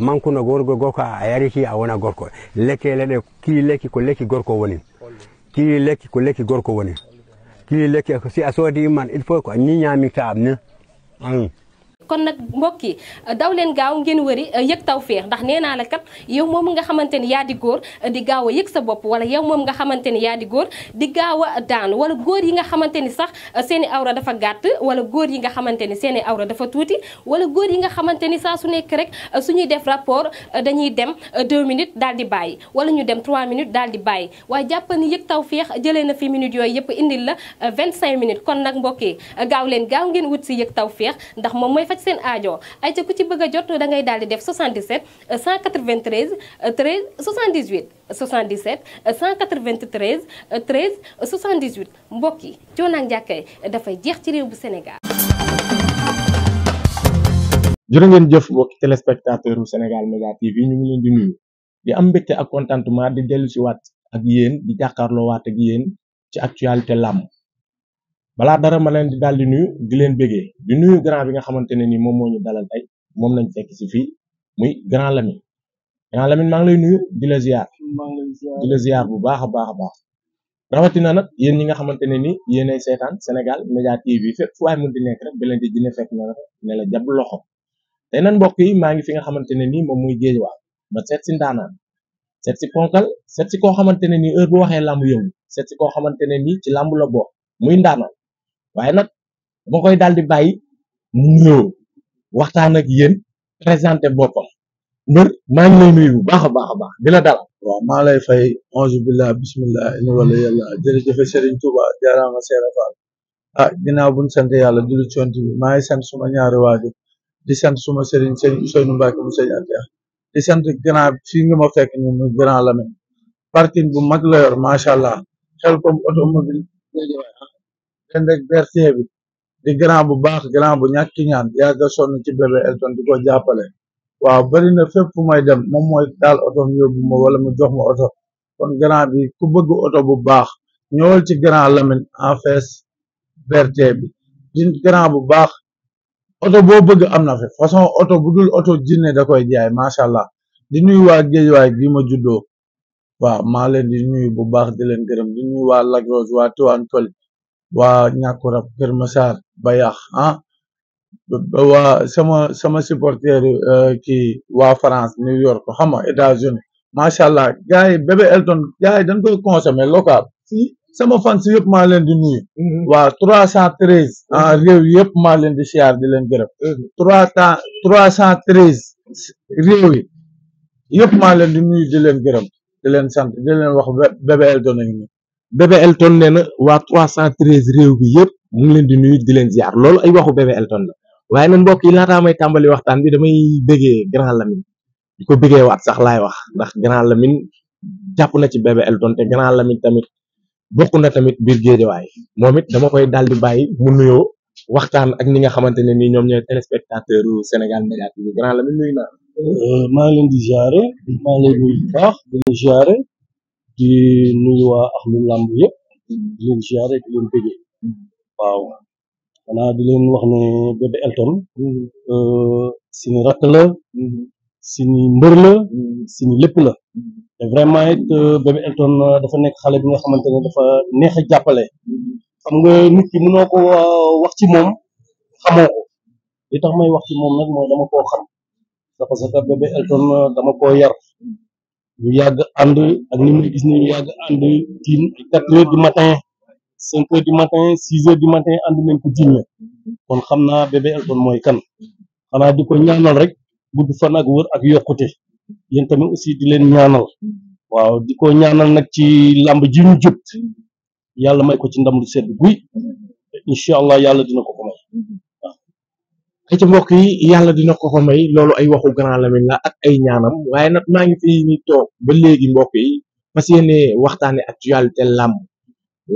mankuno gorgo gorko a yariki a wona gorko leke leɗe kili lekki ko lekki gorko woni kili lekki ko lekki gorko woni kili lekki si a soodi man il faut ko ni ñamirta am ne kon nag mbokk yi daw leen gaaw ngeen wëri eh, yëg tawféex ndax nee naa la kat yow moom nga xamante ni yaa di góor eh, di gaaw a yëg sa bopp wala yow moom nga xamante ni yaa di góor di gaaw a daanu wala góor yi nga xamante ni sax eh, seen i dafa gàtt wala góor yi nga xamante ni seen i awra dafa tuuti wala góor yi nga xamante ni saa su nekk rek suñuy def rapport dañuy dem 2 minutes daal di bàyyi wala ñu dem 3 minutes daal di bàyyi waaye jàpp ni yëg tawféex jëlee na fi minutes yooyu yëpp indil la 25 minutes kon nag mbokk yi gaaw leen gaaw ngeen wut si yëg tawféex ndax faj seen aajo ay ca ku ci bëgg jot da ngay daal di def 77 193 13 78 77 193 13 78 mbokk yi coonaak njàkkay dafay jeex ci réew bu Sénégal. jërë ngeen jëf mbokki téléspectateur u Sénégal Média TV ñu leen di nuyu di am mbégte ak contentement di dellu si waat ak yéen di jàkkaarloo waat ak yéen ci actualité làmb balaa dara ma leen di daal di nuyu di leen bégee di nuyu grand bi nga xamante ne ni moom moo ñu dalal moom lañ fekk si fii muy grand Lamine grand Lamine maa lay nuyu di la ziar di bu baax a baax a baax rawatina nag yéen ñi nga xamante ne ni yéenay seetaan Sénégal Média TV fépp fu waay mun di nekk rek Bilenti Djiné fekk na ne la jàpp loxo tey nan mbokk yi maa ngi fi nga xamante ne ni moom muy géej waaw ba seet si ndaanaan seet si ponkal seet si koo xamante ne ni heure bu waxee làmb yëngu seet koo xamante ne ni ci làmb la bokk muy waaye nag dama koy daal di bàyyi mu nuyoo waxtaan ak yéen présenté boppam mbër maa ngi lay nuyu bu baax a baax a baax di lay fay auzu billah bismillah inna wala yàlla jërëjëf Serigne Touba jaaraama Seera Fall ah ginnaaw bu ñu sant yàlla julli ci yonent suma ñaari waajur di sant suma Serigne Serigne Ousseynou Mbacke mu Serigne Atia sant grand fii nga ma fekk ñu grand Lamine parking bu mag la yor macha allah xel comme automobile Kendrick Berthie bi di grand bu baax grand bu ñàkki ñaan yàgg a sonn ci bébé Elton di ko jàppale waaw bari na fépp dem moom mooy taal oto mu yóbbu wala mu jox ma oto kon grand bi ku bëgg oto bu baax ñëwal ci grand Lamine en face Berthie bi di grand bu baax oto boo bëgg am na fi façon oto bu oto jinne da koy jaay macha allah di nuyu waa Géejawaay gi ma juddoo waaw maa leen di nuyu bu baax di leen gërëm di nuyu waa Lac Rose waa Tivaouane Peulh waa ñàkkurab Kër Massar Bayax ah waa sama sama supporter euh, ki waa France New York xam nga États-Unis macha allah gars yi bébé Elton gars yi dañ koy consommé local si sama fan si yëpp maa leen di nuyu mm-hmm. waa trois cent treize mm-hmm. réew yëpp maa leen di siyaar di leen gërëm mm-hmm. trois cent trois cent treize réew yi yëpp maa leen di nuyu di leen gërëm di leen sant di leen wax bébé Elton ak bébé Elton nee na waa 313 réew bi yëpp mu ngi leen di nuyu di leen ziar loolu ay waxu bébé Elton la waaye nag mbokk yi laataa may tàmbali waxtaan bi damay bëggee grand Lamine ko bëggee waat sax laay wax ndax grand Lamine jàpp na ci bébé Elton te grand Lamine tamit bokk na tamit biir géejawaay moom it dama koy daal di bàyyi mu nuyoo waxtaan ak ñi nga xamante ne nii ñoom ñooy téléspectateur u Sénégal Média grand Lamine nuyu naa. Euh, maa ngi leen di ziare di nuyu waa ak lu làmb yëpp di leen siyaar di leen bëggee waaw xanaa di leen wax ne bébé Elton euh, suñu rakk la suñu mbër la suñu lépp la te vraiment it euh, bébé Elton euh, dafa nekk xale bi nga xamante ne dafa neex a jàppale xam nga nit ki mënoo ko wax ci moom xamoo ko li tax may wax ci moom nag mooy dama koo xam parce bébé Elton dama koo yar ñu yàgg ànd ak ni muy gis ni ñu yàgg ànd ci quatre heures du matin cinq heures du matin six heures du matin nañ ko jiñ kon xam naa bébé Elton mooy kan xanaa di ko ñaanal rek gudd fan ak wër ak yokkute yéen tamit aussi di leen ñaanal waaw di ko ñaanal nag ci làmb ji ñu yàlla may ko ci ndam lu sedd guy incha allah yàlla dina ko ko te ci mbokk yi yàlla dina ko ko may loolu ay waxu grand Lamine la ak ay ñaanam waaye nag maa ngi fi ni toog ba léegi mbokk yi fas yéene waxtaane actualité làmm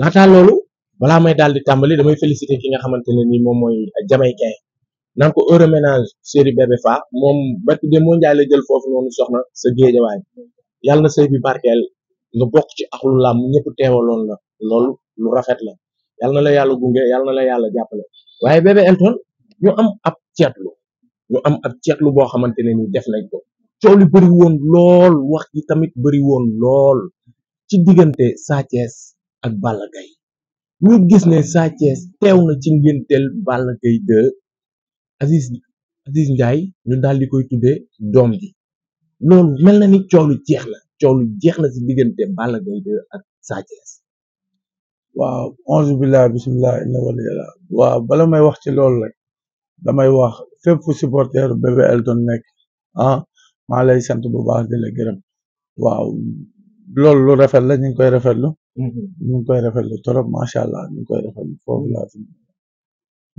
laataa loolu balaa may daal di tàmbali damay félicité ki nga xamante ne ni moom mooy jamaïcain naan ko heure ménage série bébé fa moom barki de moo njaay la jël foofu noonu soxna sa géejawaay yàlla na sëy bi barkeel nga bokk ci axlu làmb ñëpp teewaloon la loolu lu rafet la yàlla na la yàlla gunge yàlla yàlla jàppale ñu am ab ceetlu ñu am ab ceetlu boo xamante ne ni def nañ ko coow li bëri woon lool wax yi tamit bëri woon lool ci diggante Sa ak Balla Gaye ñu gis ne Sa teew na ci ngénteel Balla Gaye 2 Aziz Aziz Ndiaye ñu daal di koy tuddee doom ji loolu mel na ni coow lu jeex na coow lu jeex na ci diggante Balla Gaye 2 ak Sa Thiès waaw onze billah bismillah inna waliyallah waaw bala may wax ci loolu rek damay wax fépp supporter bébé Elton nekk ah maa lay sant bu baax di gërëm waaw loolu lu rafet la ñu ngi koy rafet mhm. ñu ngi koy rafetlu trop macha allah ñu ngi koy rafetlu foofu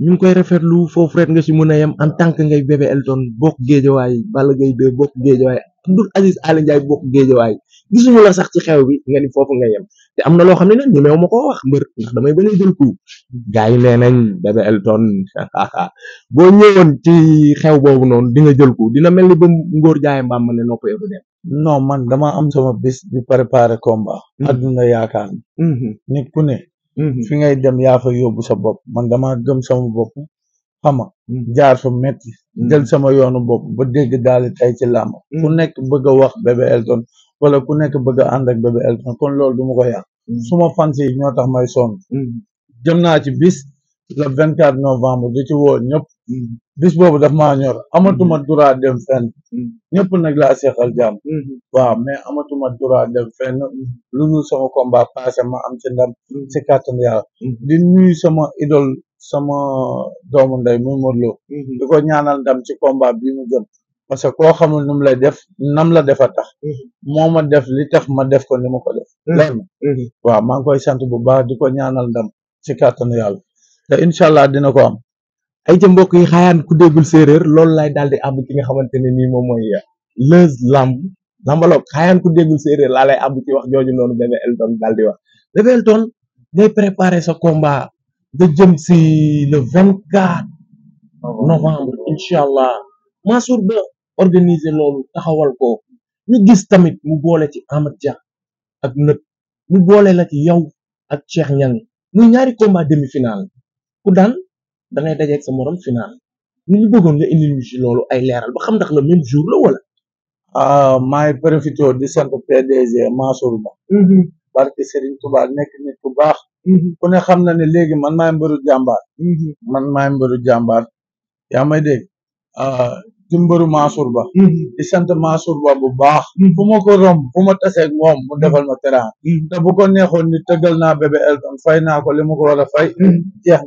ñu ngi koy rafetlu foofu rek nga si mun a yem en tant que ngay bébé Elton bokk géejawaay Balla Gaye 2 bokk géejawaay du Aziz Aly Ndiaye bokk géejawaay gisuñu la sax ci xew bi nga ni foofu nga yem. té amna lo xamné ñu ne mako wax mbeur ndax damay bañ jël ku gaay né nañ Bébé Elton bo ñëwoon ci xew bobu non di nga jël ku dina melni bu ngor jaay mbam ma nopp yow dem. non man dama am sama bis di préparer combat. Hmm. adduna yaakaar hmm. nit ku ne. Hmm. fi ngay dem ya fa yobbu sa bop man dama gëm sama bop xama jaar fa metti jël sama yoonu bop ba dégg daal tay ci lamb ku nekk bëgg wax Bébé Elton wala ku nekk bëgg and ak Bébé Elton kon loolu duma ko yaa Mm. suma fans yi ñoo tax may sonn jëm mm. naa ci bis le vingt quatre novembre di ci woo ñëpp mm. bis boobu daf maa ñor amatuma droit dem fenn ñëpp nag laa seexal jàmm mm-hmm. waa mais amatuma droit dem fenn mm-hmm. lu dul sama combat passé ma am ci ndam mm-hmm. ci kàttan yàlla di nuyu sama idole sama doomu ndey muy Modou Lo di ko ñaanal ndam ci combat bi mu jëm parce que koo xamul nu mu lay def nam la defa tax mm-hmm. moo ma def li tax ma def ko ni ma ko def mm-hmm. lay ma mm-hmm. waaw maa ngi koy sant bu baax di ko ñaanal ndam ci kàttanu yàlla te incha allah dina ko am ay ca mbokk yi xaayaan ku déggul séeréer loolu lay daal di àbb ki nga xamante ne nii moom mooy euh, Leuz lamb lambaloog xaayaan ku déggul séeréer laa lay àbb ci wax jooju noonu bébé Elton daal di wax bébé Elton ngay préparer sa komba nga jëm si le vingt quatre novembre incha allah Mansour Ba organiser loolu taxawal ko ñu gis tamit mu boole ci Amath Dia ak nët mu boole la ci yow ak Cheikh Niang muy ñaari combat demi-finale ku daan da ngay dajeeg sa morom finale ni ñu bëggoon nga indi ñu loolu ay leeral ba xam ndax le même jour la wala. ah maay profité di sant PDG Mansour Ba. Mm-hmm. barke Serigne Touba nekk nit ku baax. Mm-hmm. ku ne xam na ne léegi man maay mbëru jàmbaar. Mm-hmm. man maay mbëru ci mbëru Mansour Ba mm-hmm. di sant Mansour Ba bu baax mm-hmm. fu ma ko romb fu ma taseeg moom mu defal ma teraan mm-hmm. te bu ko neexoon na tëggal naa bébé Elton fay naa ko li ma ko a fay jeex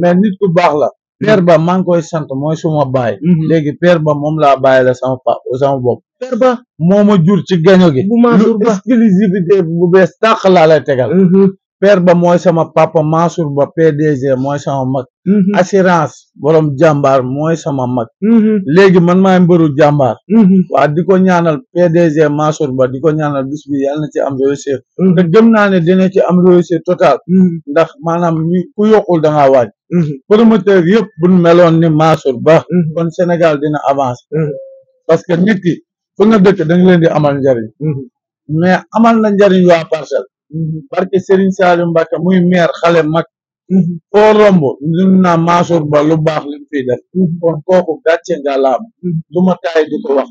mais nit ku baax la père ba maa ngi koy sant mooy suma baay léegi père ba moom laa bàyyi la sama pa sama ba moo ma jur ci gaño gi bu Mansour Ba exclusivité bu bees tàq laa lay tegal père ba mooy sama papa Mansour ba PDG mooy sama mag. Mm-hmm. assurance borom jàmbaar mooy sama mag. Mm-hmm. léegi man maay mbëru jàmbaar. Mm-hmm. waa di ko ñaanal PDG Mansour ba di ko ñaanal bis bi yàlla ci am réussite. te gëm naa ne dina ci am réussite total. ndax maanaam ku yokkul da ngaa waaj. promoteur yëpp bu ñu meloon ni Mansour ba. kon Sénégal dina avancer. parce que nit ki fu nga dëkk da nga leen di amal njariñ. mais amal na njariñ waa parcelle. Mhm. barke Serigne Saliou Mbacke muy meer xale mag mhm. foo romb ñun naa Mansour Ba lu baax li mu def mhm. kon kooku gàcce nga du ma taay di ko wax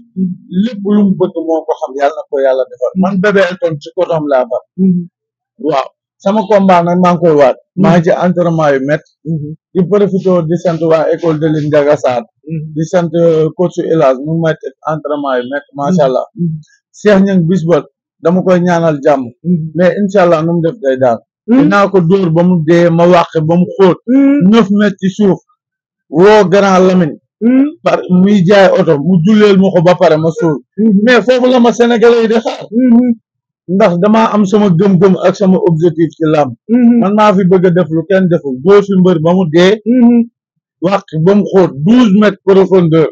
lépp lu bëgg moo ko xam yàlla ko yàlla defal man bébé Elton ci kotom laa far sama combat nag maa waat maa ngi ci entraînement yu métti di profité di sant waa école de line Ndiaga Sarr di sant euh, coach Elas mu métti entraînement yu métti macha allah Cheikh dama ko ñaanal jàmm mm-hmm. mais incha allah nu mu def day daal mm-hmm. dinaa ko dóor ba mu dee ma wàq ba mu xóot mm-hmm. neuf mètres ci suuf woo grand Lamine par muy jaay oto mu julleel ma ko ba pare ma suul mais foofu la ma sénégalais yi di xaar ndax damaa am sama gëm-gëm ak sama objectif ci làmb man maa fi bëgg a def lu kenn deful dóor fi mbër ba mu dee wàq ba mu xóot douze mètres profondeur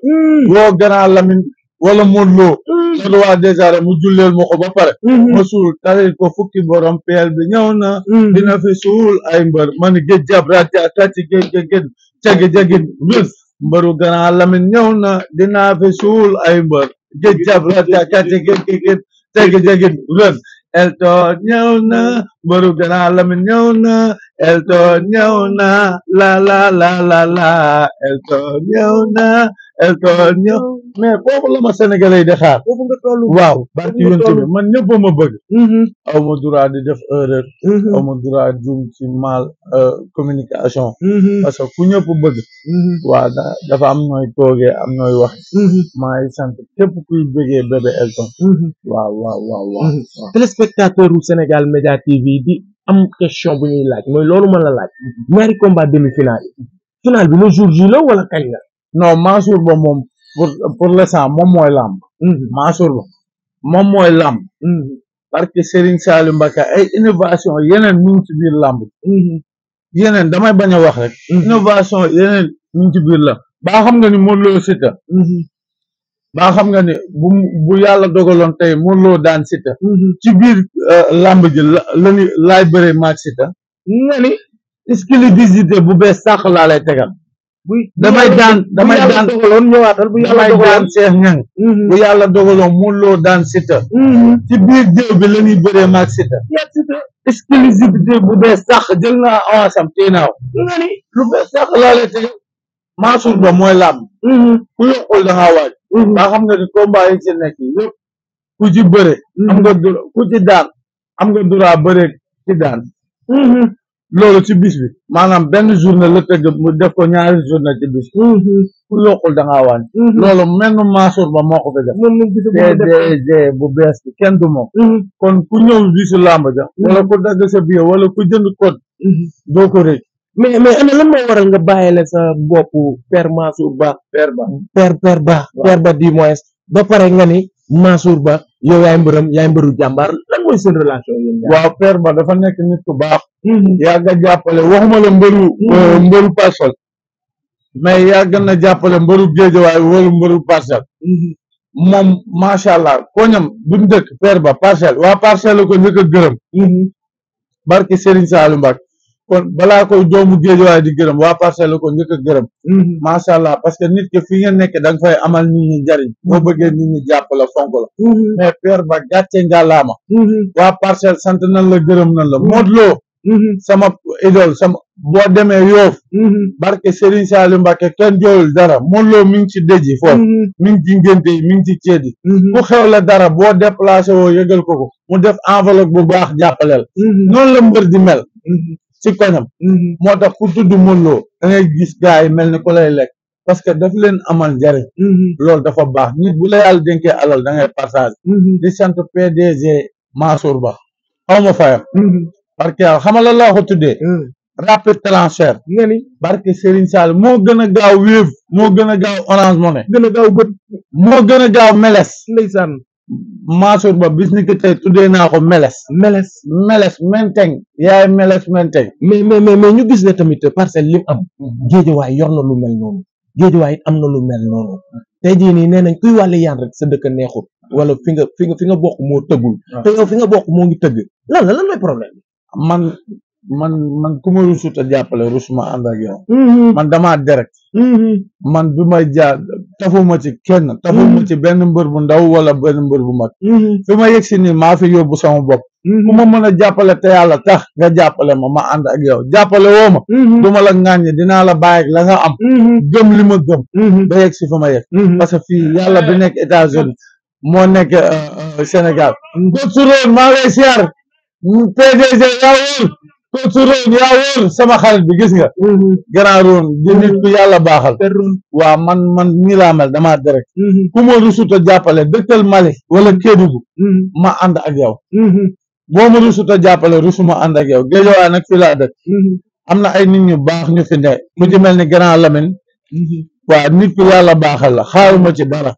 woo grand Lamine wala Modou Lo mm. sunu waa dèjà mu julleel ma ba pare mm-hmm. ma suul taril ko fukki borom bi ñaw mm-hmm. na dina fi suul ay mbër man géej raja tàcc géej géej jagi jagi rus mbëru Grand Lamine na dina ay mbër géej jab raja tàcc na mbëru Grand Lamine na la la la la la Elton ñëw na Elton ñëw mais foofu la a sénégalais yi di xaar. foofu nga toll waaw. barki yonent bi man ñëpp ma bëgg. Mhm. aw ma droit di def erreur. Mhm. aw ma droit juum ci mal euh, communication. Mhm. parce que ku ñëpp bëgg. waaw dafa am nooy toogee am nooy wax. maa ngi sant képp kuy bëggee bébé Elton. waaw waaw waaw waaw. téléspectateur u Sénégal Média di am question bu ñuy laaj mooy loolu ma la laaj. ñaari combat demi-finale yi. finale bi le jour J la wala la. no Mansour Ba moom pour pour l'instant moom mooy làmb mm-hmm. Mansour Ba moom mooy làmb mm-hmm. parce que Serigne Saliou Mbacké ay innovation yeneen ñu biir làmb mm-hmm. yeneen damay bañ a wax rek innovation yeneen ñu ci biir la baa xam nga ni Modou Lo xam nga ni bu bu yàlla dogaloon tey Modou daan Siteu ci biir euh, làmb ji lanu laay bëre maag Siteu nga bu bees sàq laa lay tegal damay daan damay daan dogaloon ñëwaatal bu yàlla dogaloon seex ñang bu yàlla dogaloon Modou Lô daan Siteu mhm. ci biir jëw bi la ñuy bëree bu bees sax jël naa avance am tey naaw lu bees sax laa lay teg Mansour Ba mooy làmb mhm. ku yokkul da ngaa waaj waa mhm. xam nga ni combat yi ci nekk yëpp ku ci am nga ku bëre ci daan lolu ci bis bi manam ben journée le tegg mu def ko ñaari journée ci bis mhm. ku yokkul da mhm. nga waan lolu menn masour Ba moko ko ko def TDG bu bes ci kenn du moom mhm. kon ku ñëw bisu làmb ja wala ku dagg sa bi wala ku jënd code do ko rek mais mais ana lan mo waral nga bayele sa bop père masour Ba père Ba père père Ba père Ba di moins ba pare nga ni masour Ba yow yaay mbeureum yaay mbeuru jambar lan moy sen relation yeen waaw père Ba dafa nek nit ku baax Mm-hmm. yàgg a jàppale waxuma la mbëru mm-hmm. euh, mbëru parcelle mais yàgg na jàppale mbëru géejawaay wala mbëru parcelle mm-hmm. moom macha allah koñam duñ dëkk père ba parcelle waa parcelle ko njëkk a gërëm barki Serigne Saliou Mbacké kon balaa koy doomu géejawaay di gërëm waa parcelle la ko njëkk a gërëm macha allah nit ki fi nga nekk da nga fay amal nit ñi njariñ boo bëggee nit ñi jàpp la fonk la mais père ba gàcce sant nan la gërëm nan la Modou Mhm. sama idol sama boo demee yoof mhm. barke Serigne Saliou Mbacke kenn jooyul dara mënuloo mi ngi ci dëj yi foofu mhm. mi ngi ci mi ngi ci ceet yi ku xew dara boo déplacé woo yëgal ko ko mu def enveloppe bu baax jàppaleel noonu la mbër di mel ci kanam moo tax ku tudd mënuloo da gis gars yi mel ni ku lay lekk parce que daf leen amal njariñ loolu dafa baax nit bu la yàlla dénkee alal da ngay partage di sant PDG Mansour Ba xaw ma fayam parce barke yàlla xamal laa ko tuddee. Hmm. rapide transfert. nga ni barke Serigne Sall moo gën a gaaw Wave moo gën a gaaw Orange Money. a gaaw moo gën a gaaw meles. ndeysaan Mansour Ba bis ni que naa ko meles. meles meles menteng yaay meles menteng. mais mais mais ñu gis ne tamit parcelle lim am. Hmm. géejewaay yor na lu mel noonu. géejewaay am na lu mel noonu. tey jii nii nee nañ kuy wàllu yaan rek sa dëkk neexut. wala fi fi nga fi nga bokk moo tëggul. Ah. te yow fi nga bokk moo ngi tëgg. lan la lan mooy problème man man man ku rusu ta a jàppale rusuma ànd ak yow mm-hmm. man dama derek mm-hmm. man bima ja tafu tafuma ci kenn tafuma ci benn mbeur bu ndaw wala benn mbeur bu mak fuma ma fi yobbu sama bok mm-hmm. kuma ma mën a jàppale ta yàlla tax nga jappale ma ma and ak yow jappale woo ma du la ngagne dina la baye la nga am gëm li ma gëm ba yexi fuma yex ma parce que fii bi nekk États-Unis senegal ngot euh, euh, Sénégal gosuróon ma lay PDG yaa wóor su roon yaa wóor sama xarit bi gis nga grand roon di nit ku yàlla baaxal waa man man nii laa mel damaa direct ku ma jàppale dëkkal Mali wala Kédougou ma ànd ak yow boo ma rusut jàppale rusuma ànd ak yow géejowaa nag fi laa dëkk am na ay nit ñu baax ñu fi ne ku mel ni grand Lamine waaw nit ku yàlla baaxal la xaaruma ci dara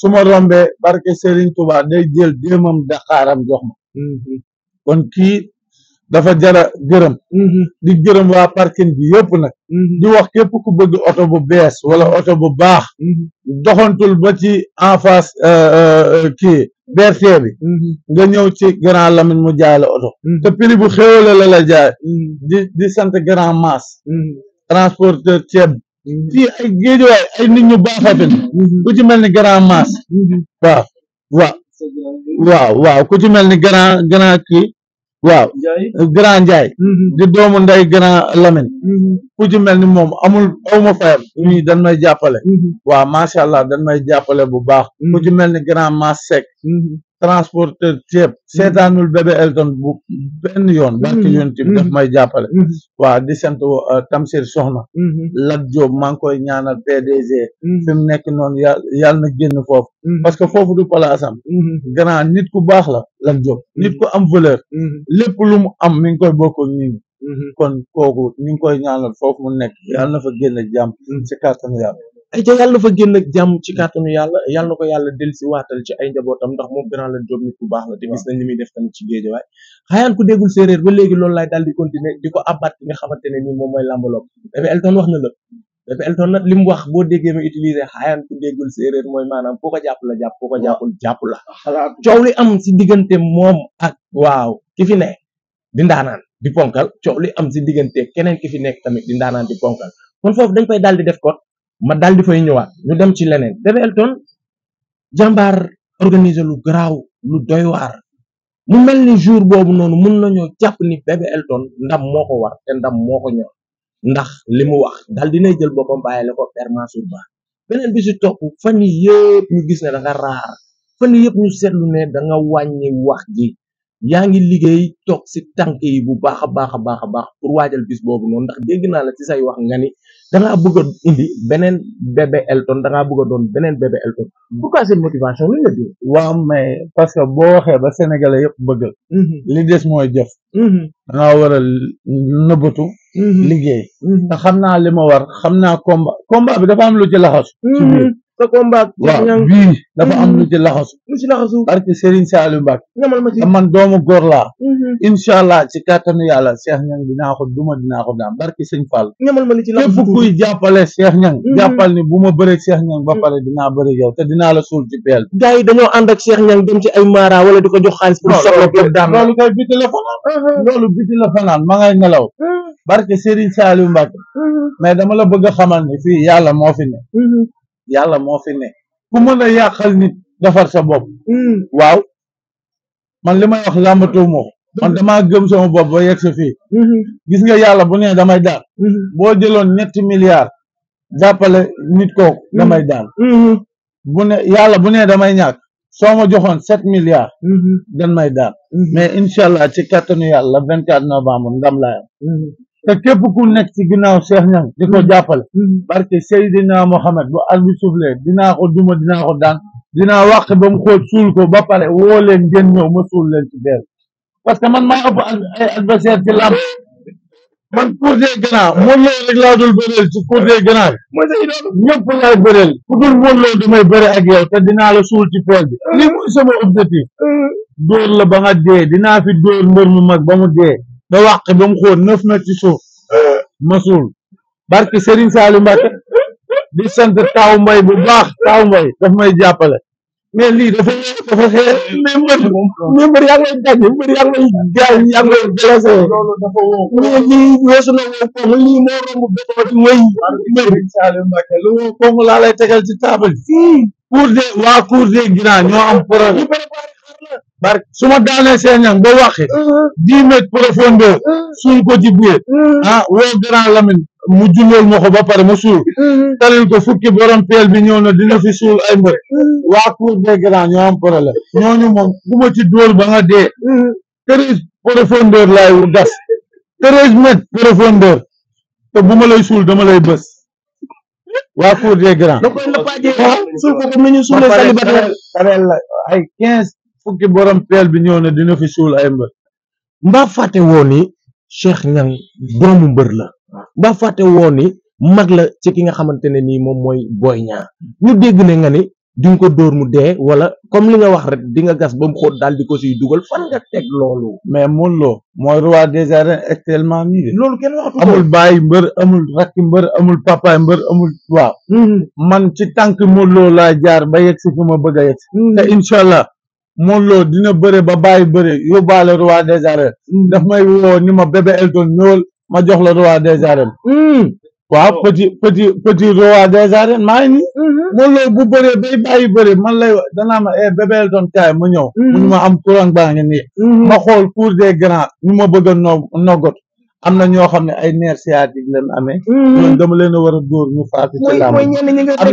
su ma rombee barke Serigne Touba day jël démam daxaaram jox ma kon kii dafa jara gërëm mm-hmm. di gërëm waa parking bi yëpp na mm-hmm. di wax képp ku bëgg oto bu bees wala oto bu baax mm-hmm. doxantul ba ci en face euh, euh, kii BRT bi nga ñëw ci Grand Lamine mu jaay la oto te bu xéwale la la di sant Grand Mass transporteur ceeb fii ay ay nit ñu baaxatin ku ci mel ni Grand Mass waaw waaw waaw ku ci ni grand grand waaw grand Njaay mm-hmm. di doomu nday grand Lamine mm-hmm. ku ci mel ni moom amul awma fayam mm-hmm. ñii may jàppale waaw macha allah dañ may jàppale bu baax ku mel ni grand Mass Seck transporteur ceeb seetaanul mm-hmm. bébé Elton bu benn yoon mm-hmm. barki yoon tim daf may jàppale mm-hmm. waaw di sant euh, Tamsir Soxna Lat Diop maa ngi koy ñaanal PDG fi mu nekk noonu yà génn foofu parce que foofu du palaasam grand nit ku baax la Lat Diop nit ku am valeur lépp lu am mi ngi koy bokk ak kon kooku ñu ngi koy ñaanal foofu mu nekk yàlla na fa génn jàmm ci kàttan yàlla ay ca yàlla fa génn jàmm ci kàttanu yàlla yàlla ko yàlla dellusi waatal ci ay njabootam ndax moom grand la Diop nit ku baax la te gis nañ li muy def tamit ci géejawaay xayaan ku déggul séeréer ba léegi loolu laay daal di continuer di ko abat nga xamante ne nii moom mooy làmbaloog Elton wax na la Elton nag li mu wax boo déggee ma utiliser xayaan ku déggul séeréer mooy maanaam koo ko jàpp la jàpp koo ko jàppul jàpp la coow li am si diggantee moom ak waaw ki fi ne di di ponkal coow li am si diggante keneen ki fi nekk tamit di ndaanaan di ponkal ma dal di fay ñëwaat ñu dem ci leneen Bébé Elton jambar organiser lu graw lu doy war mu melni jour bobu nonu mën nañu japp ni Bébé Elton ndam moko war té ndam moko ndah ñor ndax limu mu wax daal dinay jël bopam bàyyi la ko Père Mansour Ba beneen bi si topp fan yi ñu gis ne da nga rar fani yëpp ñu seetlu ne da nga wañi wax gi yaangi liggéey bu baax a baax baax pour wajal bis bobu non ndax dégg na la ci say wax nga ni dangaa bëgg a indi beneen bébé Elton dangaa bëgg doon beneen bébé Elton pourquoi seen motivation lu nga di waaw mais parce que boo waxee ba sénégalais yëpp bëgg mm-hmm. li des mooy jëf mm-hmm. dangaa war a nëbbatu mm-hmm. liggéey te xam naa li ma war xam naa combat combat bi dafa am lu ci laxas sa combat. waaw wii dafa am lu ci laxasu. barke Serigne Saliou Mbacke. ñamal man doomu góor laa. Mhm. incha allah ci kàttanu yàlla Cheikh Niang dinaa ko duma dinaa ko daan barke Serigne Fall. ñamal ma jàppale Cheikh Niang. Mhm. jàppal ni bu ma bëree Cheikh Niang ba mhm. pare dinaa bëri yow te dinaa la suul ci peel. gars yi dañoo ak Cheikh Niang dem ci ay mara wala di ko jox xaalis. pour soxla bopp daan loolu kay biti la fanaan. ma ngay nelaw. barke Serigne Saliou Mbacke. mais dama la bëgg a xamal ni fii yàlla moo fi ne yàlla moo fi ne ku mën a yàqal nit defar sa bopp hmm. waaw man li ma wax làmbatoo moo man damaa gëm sama bop ba yegg sa fii hmm. gis nga yàlla bu ne damay daal hmm. boo jëloon ñetti milliards jàppale nit kooku damay daal bu ne yàlla bu nee damay ñàkk soo ma joxoon sept milliards dan may daal mais incha allah ci kattanu yàlla novembre ndam laa képp nekk ci ginnaaw Cheikh Niang di ko jàppale barke Seydina Mohamed bu albi soufflé dinaa ko duma dinaa ko daan dinaa wàq ba mu xóot suul ko ba pare woo leen ngeen ñëw ma suul leen ci deel parce que man maa ëpp ay adversaire ci làmb man cour des grands Modou Lo rek laa dul bëreel ci cour des grands ñëpp laay bëreel ku dul Modou Lo damay bëre ak yow te dinaa la suul ci peel bi lii mooy sama objectif dóor la ba nga dee dinaa fi dóor mbër mu mag ba mu dee na wàq ba mu xóon neuf mètres ci suuf masuul barke Serigne Saliou Mbacke di sant taaw bu baax taaw mbay daf may jàppale mais lii dafa dafa xëy mais mbër mais mbër yaa ngi lay gàññ mbër yaa ngi lii weesu na woo lii moo romb békooti way mbër lu woo kong laa lay tegal ci table pour de waa cour des grands ñoo am su ma daanee seen ñan ba waxee uh-huh. di mètres profondeur uh-huh. suul ko ci buye uh-huh. ah woo grand Lamine mu jullool ma ko ba pare ma suul talil ko fukki borom peel bi ñëw na dina fi suul ay mbër waa cour des grands ñoo am problème ñooñu moom bu ma ci dóor ba nga dee treize profondeur laay gas treize mètres profondeur te bu ma lay suul dama lay bës waa cour des grands fukki borom pel bi ñew ne dina fi sul ay mbeur mba faté woni Cheikh ñang doomu mbeur la mba faté woni mag la ci ki nga xamantene ni mom moy Boy ñu dégg ne nga ni duñ ko door mu dé wala comme li nga wax rek di nga gas bom xoot dal di ko siy duggal fan nga tek lolu mais mon Lo moy roi des arènes est tellement mi lolu kenn waxatu amul bay mbeur amul rak mbeur amul papa mbeur amul. waaw mm-hmm. man ci tank mo Lo la jaar ba yegg bëgg mm-hmm. te Modou Lo dina bëre ba bàyyi bëre yóbbaale roi des arènes mm. daf may woo ni ma bébé Elton ñëwal ma jox la roi des arènes mm. waaw oh. petit petit petit roi des mm-hmm. bu bëree bay bàyyi bëre man lay danaa ma e bébé Elton kaay ma ñëw mm-hmm. mu ñu ma am courant baa ngi mm-hmm. ma xool cour des grands ñu bëgg a no am na ñoo xam ne ay nerf sciatique lañ amee. Mm-hmm. ñooñu dama leen a war a dóor ñu faatu ci làmb am na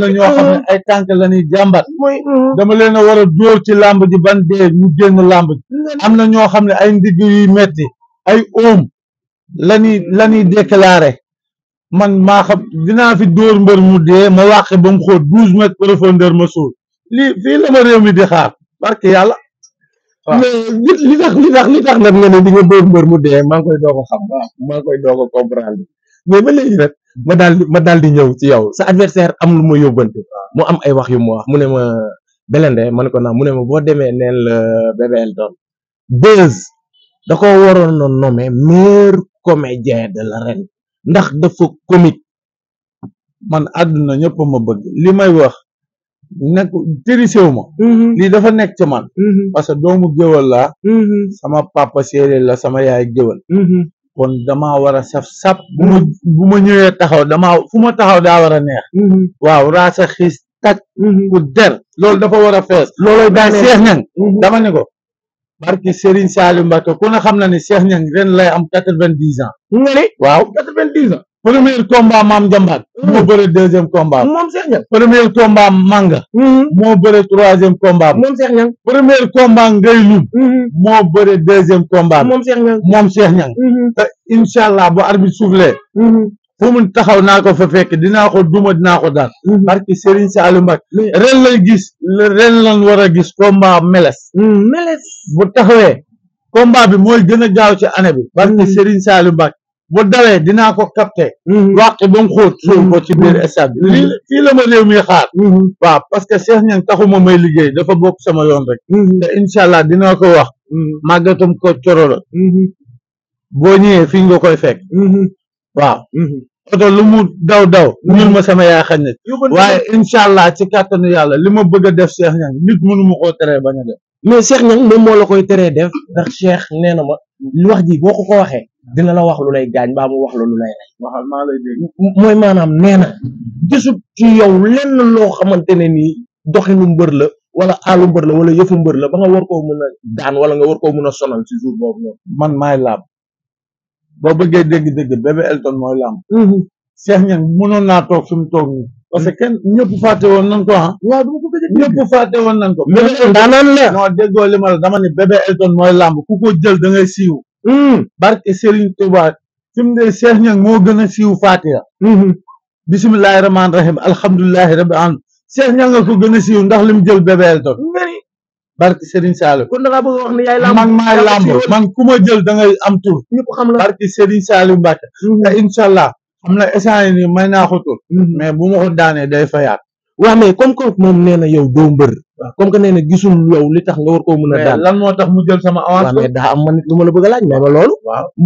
ñoo xam ne ay tànk la ñuy mm-hmm. dama leen a war a dóor ci làmb ji ban dee ñu génn làmb am na ñoo xam ne ay ndigg yuy metti ay oom la ñuy la ñuy man maa xam dinaa fi dóor mbër mu dee ma wàqe ba mu xóot douze mètres ma suul lii fii la ma réew mi di xaar barke yàlla. litak litak litak nan nga ne di nga dóor mbër mu dee maa ngi koy doog a xam baax maa ngi koy doog comprendre mais ba léegi rek ma daal ma daal di ñëw ci yow sa adversaire am lu ma yóbbante mu am ay wax yu mu wax mu ne ma Belende ma ne ko naa mu ne ma boo demee neel Bébé Elton Beuz da ko waroon a nommer meilleur comédien de l'arène ndax dafa comique man àdduna ñëpp ma bëgg li wax nekk térisew ma mm-hmm. lii dafa nekk ci man mm-hmm. parce que doomu géwal laa mm-hmm. sama papa séeréer la sama yaay géwal kon damaa war a saf-sap bu ma ñëwee taxaw dama fu ma taxaw daa war a neex waaw raasa xiis tak ku der loolu dafa war a fees looloy daa seex ñang dama ne ko barki Serigne Saliou Mbacké ku ne xam na ne seex ñang ren lay am quatre vingt dix ans nga ne waaw quatre vingt dix ans premier combat maam jambaat moo hmm. bëre deuxième combat moom Cheikh Niang premier combat manga hmm. moo bëre troisième combat moom Cheikh Niang premier combat ngay lum hmm. moo bëre deuxième combat allah bu arbitre soufflé fu mu taxaw naa ko dina fekk ko duma dinaa ko daan parce que Serigne Saliou ren lay gis ren lan war gis combat meles bu taxawee combat bi mooy gën a gaaw ci année bi parce que Serigne Saliou bu dawee dinaa ko capté mhm. wàq ba mu xóot sóor ko ci biir mhm. stade bi mhm. lii fii la ma réew mi xaar waaw parce que Cheikh taxuma may liggéey dafa bokk sama yoon rek te allah dinaa ko wax màggatum ko coro la boo ñëwee fii nga koy fekk waaw lu mu daw daw ñun ma sama yaa xañ na waaye incha ci kàttanu yàlla li ma bëgg a def Cheikh Niang nit mënuma koo teree bañ a def mais Cheikh Niang moom moo la koy teree def ndax Cheikh nee na ma wax ji boo ko ko waxee dina la wax lu lay gaañ baa mu wax la lu lay rey mooy maanaam nee na yow lenn loo xamante ne nii doxinu mbër la wala àllu mbër la wala yëfu mbër la ba nga war koo mën a daan wala nga war koo mën a sonal si jour boobu noonu man maay laam boo bëggee dégg-dégg bébé Elton mooy laam mm-hmm. Cheikh Niang mënoon naa toog fi mu toog nii parce que ñëpp fàtte woon nañ ko ah waaw ñëpp fàtte woon nañ ko daanaan la ma la dama ne bébé Elton mooy làmb ku ko jël da siiw Hmm. barke Serigne Touba fi mu ne Cheikh moo gën a siiw Fatiha. Hmm. bisimilahi rahmaani rahim alhamdulilahi rabbi an Cheikh Niang nga ko gën a siiw ndax lim jël Bébé Elton. barke Serigne Saliou. kon da man maay lamb man ku jël da ngay am tur. ñëpp xam la barke Serigne Saliou hmm. xam na instant yii nii may naa ko tur. bu ma daanee day fayaat. waa mais comme que moom nee na yow doo mbër waaw comme que nee na gisul li tax nga war koo mën a daan lan moo tax mu jël sama avance mais daa am man nit lu ma la bëgg a laaj mais ma loolu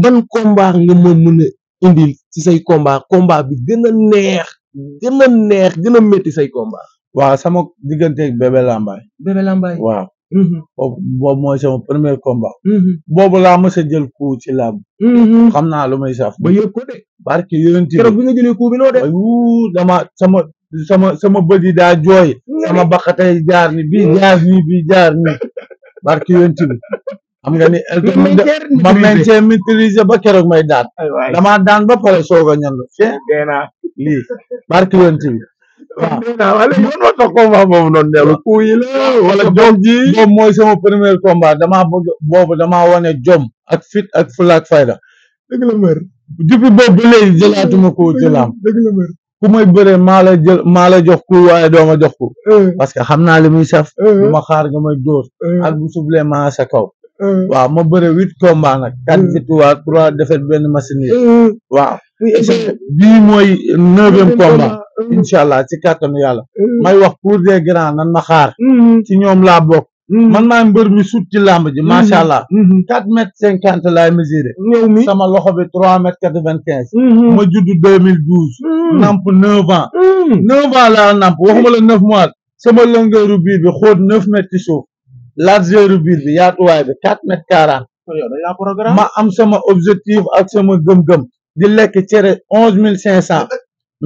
ban combat nga ma mën a indil ci say combat combat bi gën a neex gën a neex gën a métti say combat waaw sama digganteeg bébé lambaay bébé lambaay waaw mm-hmm. boobu boobu mooy sama premier combat mm-hmm. boobu laa mës a jël coup ci làmb mm-hmm. naa lu may saf ba yëg ko de bi nga jëlee coup bi noo de dama sama sama sama bët yi daa jooy sama baqatay jaar ni bi jaar nii bii jaar nii barki yonent bi xam nga ni ma maintien maîtriser ba keroog may daan dama daan ba pare soog a ñandu feena lii barki yonent bi waaw wala yoon wa tax combat boobu noonu ku yi wala jom ji jom mooy sama premier combat damaa bëgg boobu damaa wane jom ak fit ak fulla ak fayda dëgg la mër ba léegi jëlaatuma ko ci ku may bëree maa la jël maa la jox ku waaye dooma jox ku eh. parce que xam naa li muy saf eh. lu ma xaar nga may dóor eh. ak bu sublee maa sa kaw waaw ma bëre huit combat nag quatre victoire trois défaite benn machine yi waaw bii mooy neuvième combat incha allah ci kàttanu yàlla may wax pour des grands nan ma xaar mm-hmm. ci ñoom laa bok Mm-hmm. man maa mbër mi sut ci làmb ji macha mm-hmm. allah. Mm-hmm. quatre mètres cinquante la mesuré. ñëw mi sama loxo bi trois mètres quatre vingt quinze. ma judd namp neuf ans. neuf namp waxuma la sama longueur biir bi xóot neuf mètres ci suuf. bi yaatuwaay bi quatre mètres quarante. ma am sama objectif ak sama gëm-gëm. di lekk cere onze mille cinq cent.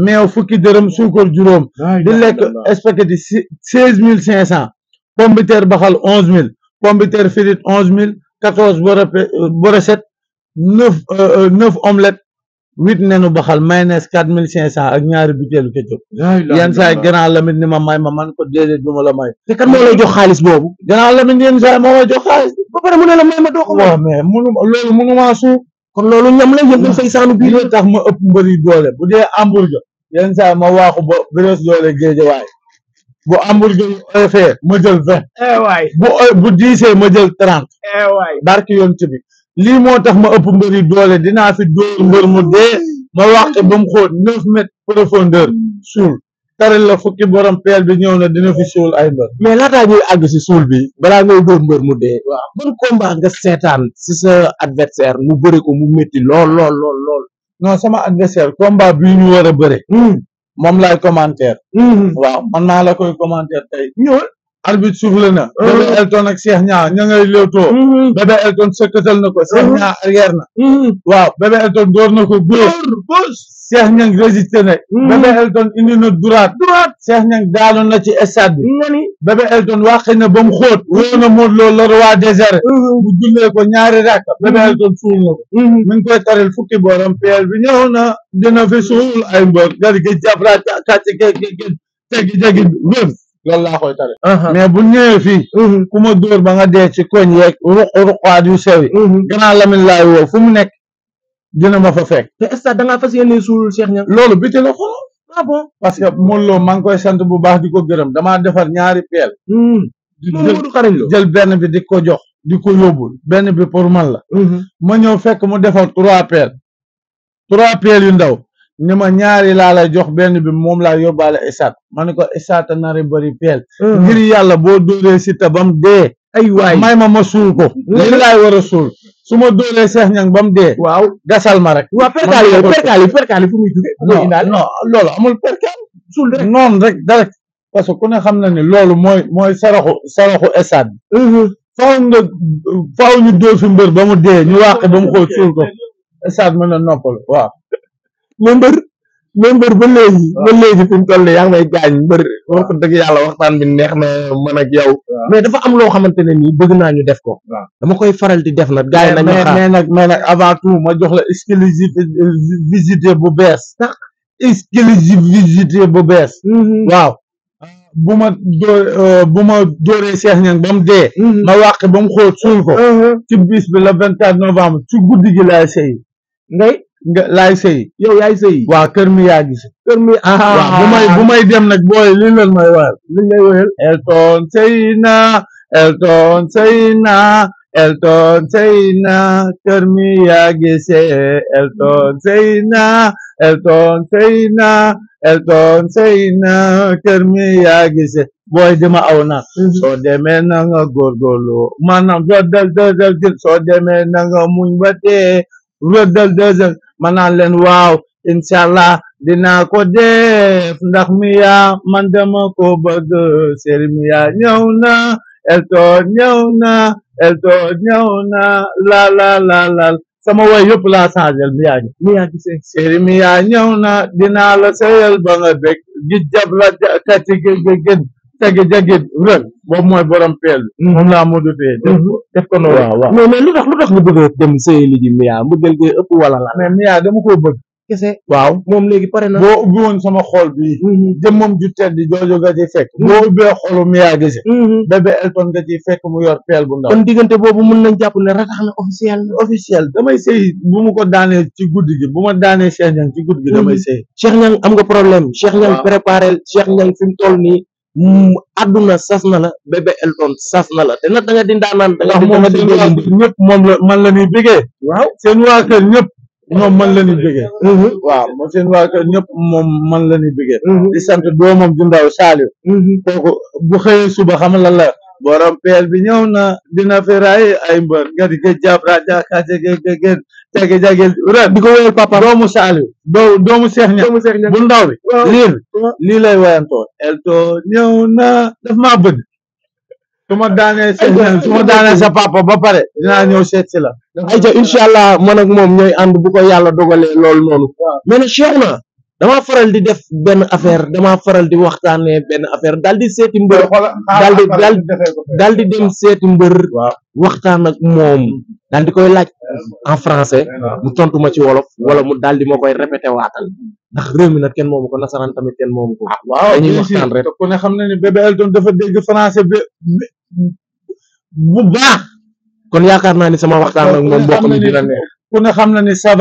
meew fukki dërëm suukar juróom. di lekk spaghetti seize mille cinq cent. pombiteer baxal onze mille pombiteer frite onze mille quatorze brochette euh, neuf euh, euh, neuf omelette huit nenu baxal mayonnaise quatre mille cinq cent ak ñaari butéelu ketchup yenn saa yi gannaaw lamit ni ma may ma man ko déedéet du may te kan moo jox xaalis boobu gannaaw lamit yenn saa yi moo may jox xaalis ba pare mu ne la may ma doo ko waaw mais munu loolu munu maa suuf kon loolu ñam la yëngal say saanu biir la tax ma ëpp mbëri doole bu dee hamburger yenn saa ma waaxu ba birees doole bu hamburger yi oyofee ma jël vingt eh waay bu bu diisee ma jël trente eh waay barki yonent lii moo tax ma ëpp mbëri doole dinaa fi dóor mbër mu dee ma waxte ba mu xóot neuf mètres profondeur suul tarel la fukki borom peel bi ñëw na dina fi suul ay mbër mais laataa ñuy àgg si suul bi balaa ngay dóor mbër mu dee waaw ban combat nga seetaan si sa adversaire mu bëri ko mu métti lool lool lool lool sama adversaire combat bii ñu war a bëre hmm. moom laay commentaire. Mm-hmm. waaw mën naa la koy commentaire tey. ñëwal arbitre soufflé na. Mm-hmm. bébé Elton ak Cheikh Niang ña ngay léewtoo. Mm-hmm. bébé Elton sëkkatal na ko. Cheikh Niang arrière na. waaw bébé Elton door na ko góor. góor شيخ نيان ريزيتيني بابي ايلدون اندي نو دورات دورات شيخ نيان دالون لا سي استاد بي ناني بابي ايلدون واخينا بام خوت وونا مود لو لا روا ديزير بو جولي كو نياري راكا بابي ايلدون سول نكو من كو تاريل فوكي بورام بيال بي نيونا دينا في سول اي مبر غادي كي جابرا كاتي كي كي تيغي تيغي في كوما dina ma fa fek te stade da nga fas yéene suul Cheikh Niang. lolu bité la xol ah bon parce que mo Lo mang koy sante bu baax di ko Dama damaa defar ñaari peel. di jël jël benn bi diko jox. di yobul ben bi pour man la. Hmm. ma ñëw fek mu defar trois pel trois pel yu ndaw. nima ñaari la la jox ben bi mom la yobale Esat ma ne ko Esat nari bëri peel. Hmm. ngir yalla bo dóoree si tabam dé ay way may ma ma ko. Hmm. li laay wara sul su ma dóolee Cheikh Niang ba mu dee. waaw gasal ma rek. waaw perkaal yooyu perkaal yi perkaal fu muy jóge. non loolu amul perkaal. suul rek rek direct. parce que ku ne xam na ne loolu mooy mooy saraxu saraxu estade bi. ñu dóor fi mbër ba mu dee ñu wàq ba mu xool suul ko estade mën a noppal waaw. mais mais mbër ba léegi ah. ba léegi fi mu toll nii yaa may gaañ mbër wax dëgg yàlla waxtaan bi neex na man ak yow ah. mais dafa am loo xamante ne nii bëgg naa ñu def ko ah. dama koy faral di def nag gars na nañu xaar mais nag mais nag avant ma jox la exclusivité bu bees sax exclusivité bu bees mm-hmm. waaw bu ma dóor euh, bu ma dóoree Cheikh Niang ba mu dee mm-hmm. ma wàq ba mu xóot suul ko uh-huh. ci bis bi vingt quatre novembre ci guddi gi laay sëy ngay nga laay sëy yow yaay sëy waaw yaa gis kër mi ah, bu may dem nag booy li may woyal li lay woyal Elton sëy na Elton sëy na Elton sëy na kër mi yaa gis Elton sëy na na Elton yaa gis booy dima aw na mhm. soo demee na nga góorgóorlu maanaam soo del dësel soo demee na muñ ba tee soo del dësel ma leen waaw incha allah dinaa ko def ndax miyaa man dama ko bëgg séri miyaa ñëw na Elton ñëw na Elton ñëw na la la la la sama way yëpp laa changé miyaa ñëw miyaa gise séri miyaa ñëw na dinaa la seyal ba nga bég gi jab la kati gi gën jagit jagit rël boobu mooy borom peel bi moom laa moo dutee mhm. def ko noonu waaw waaw mais mais dem sëy li ji Mia mbëggeel gi ëpp wala la mais Mia dama koo bëgg kese waaw moom léegi pare na boo ubbi woon sama xool bi mhm. jëmmam ju tedd jooju nga ci fekk mhm. boo ubbee xolu Mia Guissé bébé Elton nga ci fekk mu yor peel bu ndaw kon diggante boobu mun nañ jàpp ne ratax na officiel officiel damay sëy bu mu ko daanee ci guddi gi bu ma daanee Cheikh Niang ci guddi gi damay sëy Cheikh Niang nga problème Cheikh Niang préparé Cheikh Niang fi mu toll nii àdduna sas na la bébé Elton sas na la te nag da nga di ndaanaan da nga moom ñëpp moom la man ma ñuy bëggee waaw seen waa ñëpp moom man la ñuy bëggee mm-hmm. waaw moom seen waa ñëpp moom man la ñuy bëggee mm-hmm. di sant doomam ju ndaw Saliou mm-hmm. kooku bu xëyee suba xam lan la borom peel bi ñëw na dina fi raay ay mbër di ko jàpp raja kaje ge ge jage jage ren di ko wéyal papa doomu Saliou doo doomu Cheikh Niang bu liir lii lay wayantoo elto ñëw na daf maa bëgg su ma daanee su ma daanee sa papa ba pare dinaa ñëw seet si la ayca incha allah moom ñooy ànd bu ko yàlla dogalee loolu noonu mais ne Cheikh dama faral di def benn affaire dama faral di waxtaanee benn affaire daal di seeti mbër daal di daal di dem seeti mbër waxtaan ak moom daal di koy laaj en français mu tontu ci wolof wala mu daal di ma koy répété waatal ndax réew mi nag kenn moomu ko nasaraan tamit kenn moomu ah, xam na ne bébé dafa dégg français bi baax kon yaakaar naa ni sama waxtaan ak moom mbokk mi dina neex ku xam na ni ça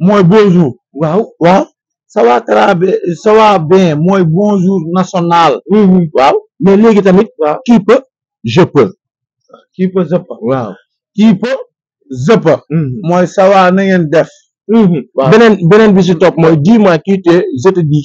mooy bonjour waaw waaw sawakara be sawa bien mooy bonjour national mhm. waaw mais léegi tamit qui peut je peux qui waaw qui peut mhm. mooy sawa na ngeen def mhm. beneen beneen bi si topp mooy dis-moi qui t'es je te dis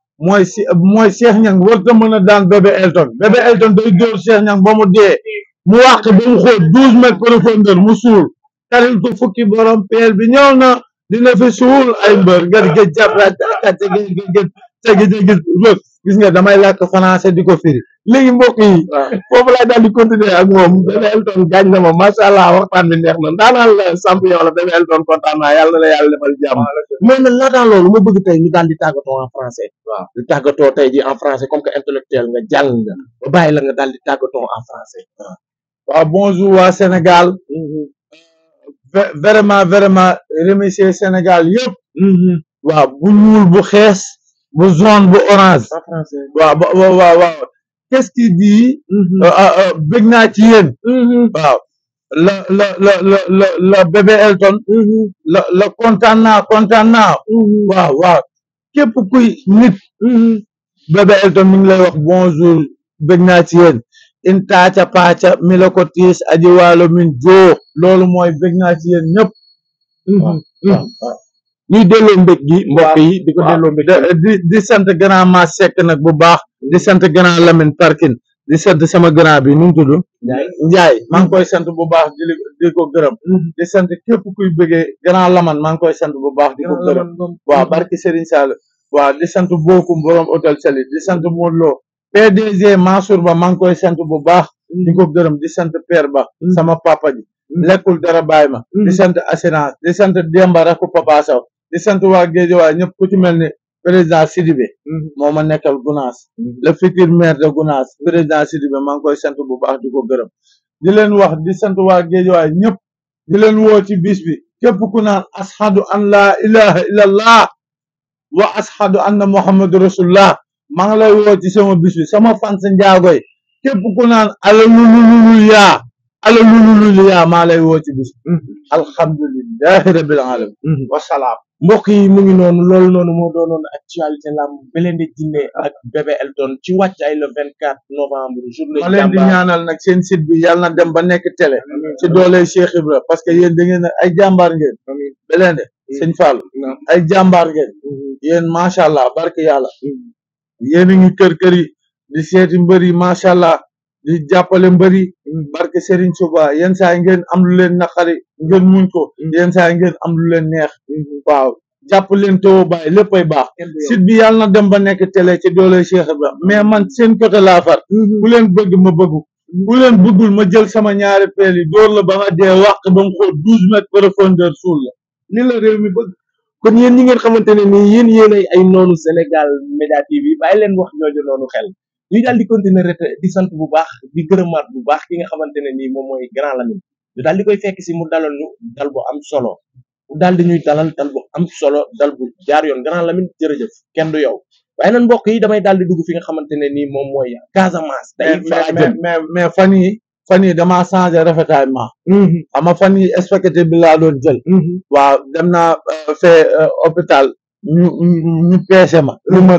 mooy si mooy Cheikh Niang warta mën a daan bébé Elton bébé Elton day dóor Cheikh Niang ba mu dee mu wàq ba mu xóot douze mètres profondeur mu suul tarintu fukki borom peel bi ñëw na dina fi suul ay mbër ngar gëj jàpp laa càkka cegg gëj gëj gis damay làkk français di ko firi léegi mbokk yi foofu laay daal di continuer ak moom bébé Elton gaañ na ma macha allah waxtaan bi neex na ndaanaan la samp yow la Elton kontaan naa la yàlla defal jàmm mais nag loolu ma bëgg tey ñu daal di tàggatoo en français waaw di tàggatoo tey ji en français comme que intellectuel nga jàng nga ba bàyyi la nga daal di tàggatoo en français waaw bonjour waa Sénégal mhm. vraiment vraiment remercier Sénégal yëpp mhm. waaw bu ñuul bu jaune bu orange. waaw waaw waaw qu'est-ce qui dit. Mm-hmm. Euh, euh, euh, bëgg naa ci yéen. Mm-hmm. waaw la la la la la la bébé Elton. Mm-hmm. la la kontaan naa kontaan naa. waaw waaw képp kuy nit. bébé Elton mi ngi lay wax bonjour bëgg naa ci yéen. in taaca paaca mi la ko tiis aji loolu mooy bëgg naa ñuy delloo mbég gi mbokk yi di ko sant grand ma sekk nag bu baax di sant grand Lamine Parkin di sant sama grand bi nu mu tudd Njaay maa ngi koy sant bu baax di di ko gërëm mm-hmm. di sant képp kuy bëggee grand Lamane maa ngi koy sant bu baax di ko gërëm waaw barki Serigne Sall waaw di sant bookum borom hôtel Saly di sant Modou Lo PDG Mansour Ba maa ngi koy sant bu baax mm-hmm. di ko gërëm di sant père ba mm-hmm. sama papa ji lekkul dara bàyyi di sant assurance di sant Demba rek ko di sant waa Géejawaay ñëpp ku ci mel ni président Sidibé mm-hmm. moo ma nekkal Gunaas mm-hmm. le futur maire de Gunaas président Sidibé maa ngi koy sant bu baax di gërëm di leen wax di sant waa Géejawaay ñëpp di leen woo ci bis bi képp ku naan ashadu an laa ilaha illallah wa ashadu anna muhammadu rasulullah maa ngi lay woo ci sama bis sama fans njaagoy képp ku naan alalululul alhamdulilah maa lay woo ci bis alhamdulilah rabbil alamin wasalaam mbokk yi mu ngi noonu loolu noonu moo doonoon actualité lamb Blindé Djiné ak Bébé Elton ci wàcc ay le vingt quatre novembre journée ma leen di ñaanal nag seen site bi yàlla na dem ba nekk télé ci doole Cheikh Ibra parce que yéen da ngeen ay jàmbaar ngeen barke yàlla yéen a ngi kër kër yi di jàppale mbëri barke Serigne Touba yenn saa yi ngeen am lu leen naqari ngeen muñ ko mm. yenn saa yi ngeen am lu leen neex waaw jàpp leen tawo lépp ay baax site bi yàlla na dem ba nekk tele ci doole Cheikh Ibrahima mm. mais man seen côté laa far bu mm-hmm. leen bëgg ma bëggu bu mm. leen bëggul ma jël sama ñaari peel yi dóor la ba nga dee wàq ba mu xóot douze mètres profondeur suul la li la réew mi bëgg kon yéen ñi ngeen xamante ne nii yéen yéen ay noonu Sénégal Média TV leen wax ñooñu noonu xel ñu daal di continuer di sant bu baax di gërëmaat bu baax ki nga xamante ne nii moom mooy grand Lamine ñu daal di koy fekk si mu dalal ñu dal bu am solo mu daal di ñuy dalal dal bu am solo dal bu jaar yoon grand Lamine jërëjëf kenn du yow waaye nag mbokk yi damay daal di dugg fi nga xamante ne nii moom mooy Casamance. tey fa la jëm mais mais fan yi fan yi damaa changé rafetaay ma mm-hmm. xam nga fan yi spectacle bi laa doon jël. Mm-hmm. waaw dem naa euh, fee euh, ñu ñu peese ma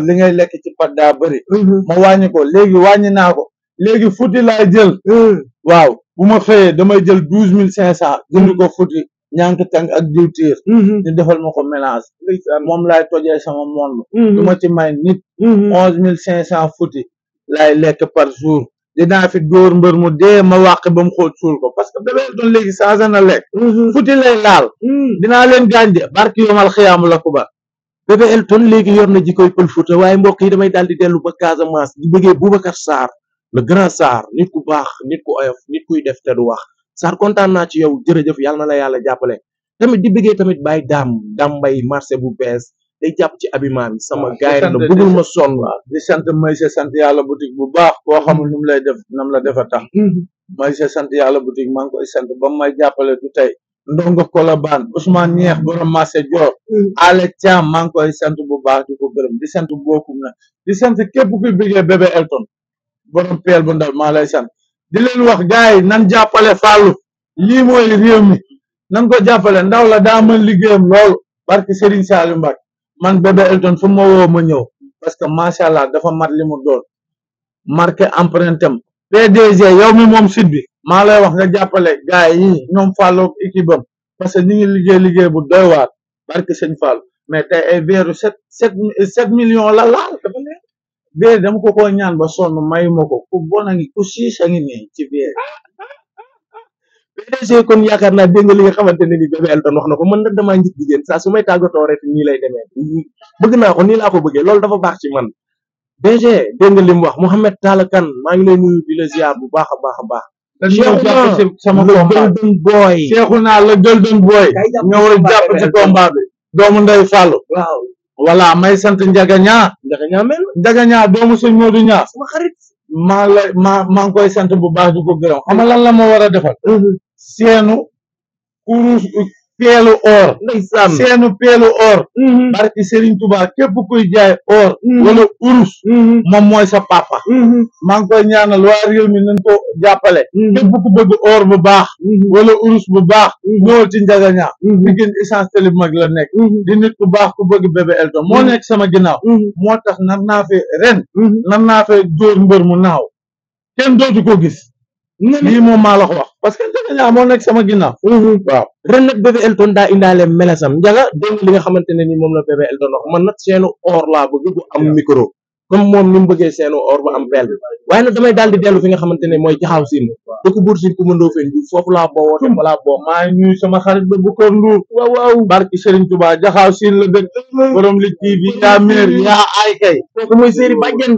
li ngay lekk ci pat daa bëri ma wàññi ko léegi wàññi naa léegi futi laay jël waaw bu ma xëyee damay jël douze mille cinq cent jënd ko futi ñànk tàng ak diwtiir ñu defal ma ko mélange moom laay tojee sama moon du ma ci may nit onze mille cinq cent futi laay lekk par jour dinaa fi dóor mbër mu dee ma wàq ba mu xóot suul ko parce que bébé doon léegi saa na lekk futi lay laal dinaa leen gànje barki yomal xiyaamu la ko ba Bébé Elton léegi yor na jikkoy pël Fuuta waaye mbokk yi damay daal di dellu ba Casamance di bëggee Boubacar Sarr le grand Sarr nit ku baax nit ku oyof nit kuy def te du wax Sarr kontaan naa ci yow jërëjëf yàlla na la yàlla jàppale tamit di bëggee tamit bàyyi daam daam bay marché bu bees day jàpp ci abima sama gaay la bëggul ma sonn di sant may sa sant yàlla boutique bu baax koo xamul nu lay def nam la defa tax mm-hmm. may sa sant yàlla boutique maa koy sant ba may jàppale ndongo Kolobane Ousmane Ñeex borom marché Dior mm. Ale Thiam maa ngi koy sant bu baax di ko gërëm di sant bokkum na di sant képp kuy bëggee bébé Elton borom peel bu ndaw maa lay sant di leen wax gars yi nan jàppale Fallou lii mooy réew mi ko jàppale ndaw la daa mën liggéeyam loolu barke Serigne Saliou man bébé Elton fu ma woo ma ñëw parce que macha allah dafa mat mu doon marqué empreinte am PDG yow mi moom malay wax nga jappale gaay yi ñom fallo équipe am parce que ñu ngi liggéey liggéey bu doy waat barke sëñ fall mais tay ay veeru 7 7 sept millions la laal dafa nekk veer dama ko ko ñaan ba son may ma ku bon a ngi ku siis a ngi ni ci veer PDG kon yaakaar naa dégg li nga xamante ni bébé Elton wax na ko man nag damaa njëkk jigéen saa su may tàggatoo rek nii lay demee bëgg naa ko nii laa ko bëggee loolu dafa baax ci man DG dégg nga li mu wax Mouhamed Talla Kane maa ngi lay nuyu di la ziar bu baax a baax a baax dañoo jàpp ci sama combat la golden boy ñoo war a jàpp ci combat bi doomu Ndeye Fallou may sant Ndiaga Niang Ndiaga Niang doomu sëñ Modou Niang maa la maa maa ngi koy sant bu baax di ko gërëm lan la ma war a defal uh-huh. seenu kurus peelu or ndeysaan seenu peelu or mhm. barki Serigne Touba képp kuy jaay or mhm. wala urus mhm. moom mooy sa papa maa ngi koy ñaanal waa réew mi nañ ko jàppale ku bëgg or bu baax wala urus bu baax ñëwal ci njagañaa diggéen essence tali mag la nekk di nit ku baax ku bëgg bébé Elton moo nekk sama ginnaaw moo tax nan naa fee ren nan naa fee dóor mu naaw kenn dootu ko gis lii moom maa la parce que Ndiaga Niang moo nekk sama ginnaaw. Mhm. waaw ren nag bébé Elton daa indaale melesam Ndiaga dégg li nga xamante ne ni moom la bébé Elton wax man nag or laa bëgg am micro. comme moom ni mu bëggee or bu am peel bi waaye nag damay daal di fi nga xamante mooy jaxaw siin dëkk buur siin ku mëndoo fen ju foofu laa boo woote balaa ñuy sama xarit bu ko nduur waaw waaw barki Serigne Touba jaxaw siin la dëkk borom li TV yaa meer yaa ay kay kooku mooy séeri bàjjen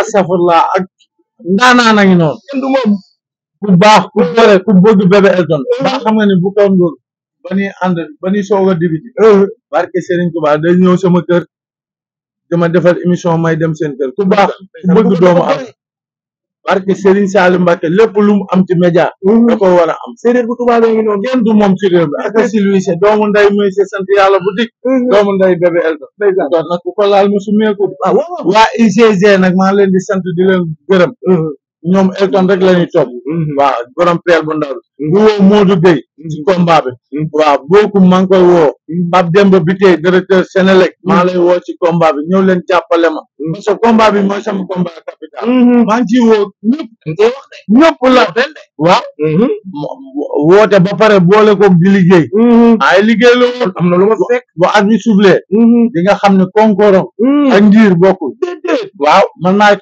astafurlah ak a ngi na kenn du ku baax ku gore ku bëgg bébé Elton baax xam nga ni bu toon loolu ba ñuy ànd ba ñuy soog a dibiti euh, barke Serigne Touba day ñëw sama kër dama émission may dem seen kër ku baax ku bëgg doomu am parce que Serigne Saliou Mbacké lépp lu mu am ci média mhm. ko war a am séeréer bu tubaab ngi noonu kenn ak si lui se doomu nday muy se sant yàlla bu dik mhm. doomu nday bébé elton kon nag ku ko laal mu su meeku ah, waa UCG nag maa leen di sant di leen gërëm mhm. ñoom Elton rek la ñuy topp. Mm-hmm. waaw borom peel bu ndaw bi. bu mm-hmm. woo Modou Gueye. Mm-hmm. ci combat bi. woo. Pape Demba Biteye directeur Sénélec. maa lay woo ci combat bi ñëw leen jàppale ma. parce que combat bi mooy sama combat maa ngi ciy woo ñëpp. ñëpp la waaw. woote ba pare boole ko di liggéey. ay liggéey la woon am na lu ma fekk. bu at bi soufflé. nga xam ne konkorom. ak njiir waaw man maay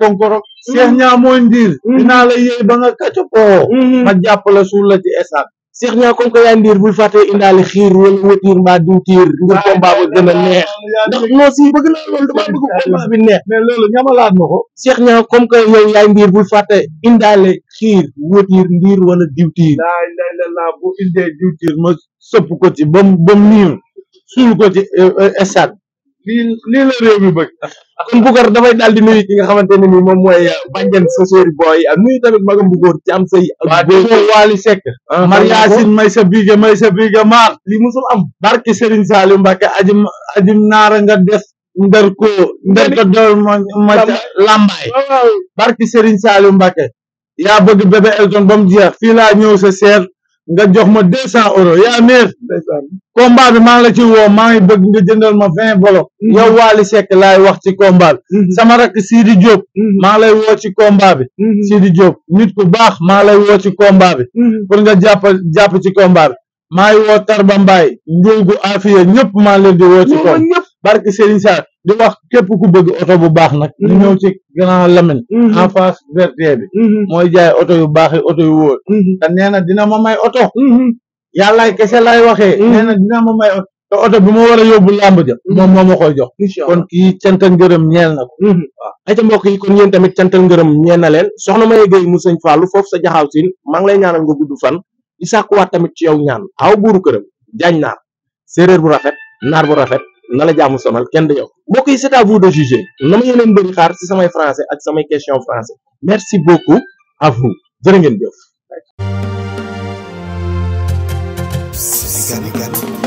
Cheikh mm-hmm. ñaa mooy ndiir mm-hmm. dinaa la yëy ba nga kacco koo mm-hmm. ma jàpp la suul ci esaat Cheikh ñaa comme que yaa ndiir bul fàtte indaale xiir wala wëtiir mbaa diwtiir ngir combat ba gën a neex ndax non si bëgg naa loolu damaa bëgg combat bi neex mais loolu ñamalaat na ko Cheikh ñaa comme que yow yaay ndiir bul fàtte indaale xiir wëtiir ndiir wala diwtiir laa ma sëpp ko ci bam bam niiw suul ko ci euh, euh, esaat lii lii la bëgg kon Boucar dafay daal di nuyu ki nga xamante ne nii moom mooy euh, bànjen sa sori booy ak nuyu tamit magam bu góor ci am say ak góor Waly Seck ah, Mariasine may sa bige may sa bige maar lii musul am barki Serigne Saliou Mbacke ajim ajim naara nga def ndar ko ndar ko dool ma ma lambaay barki Serigne Saliou Mbacke yaa bëgg bébé Elton ba mu jeex fii laa ñëw sa seet nga jox ma deux cent euros yaa neex combat maa la ci woo maa ngi bëgg nga jëndal ma vingt bolo mhm. yow Waly Seck laay wax ci combat mhm. sama rakk Sidi Diop mhm. maa ngi lay woo ci combat bi Sidi Diop nit ku bax maa ngi lay ci combat bi nga jàpp jàpp ci combat bi maa ngi woo Tarba Mbaye Ndiogu Afia ñëpp maa ngi leen di woo ci combat barke Serigne Sarr di wax képp ku bëgg oto bu baax nag ñu mm-hmm. ñëw ci Grand Lamine mm-hmm. en face vertier bi mm-hmm. mooy jaay oto yu baax oto yu wóor te na dina ma may oto yàllaay kese lay waxee nee na dina ma may oto te oto bi ma war a yóbbu làmb moom moo ma koy jox kon kii cantal ngërëm ñeel na mbokk yi kon yéen tamit cantal ngërëm ñeel na leen soxna Maye Gueye mu sëñ Fallou foofu sa jaxaaw siin maa ngi lay ñaanal nga gudd fan di sàkkuwaat tamit ci yow ñaan aw buuru këram jaañ naar séeréer bu rafet naar bu rafet nala la jaamu sonal kenn du yow mbokk yi c'est à vous de juger na ma yeneen bëri xaar ci samay français ak samay question français merci beaucoup à vous jërë ngeen jëf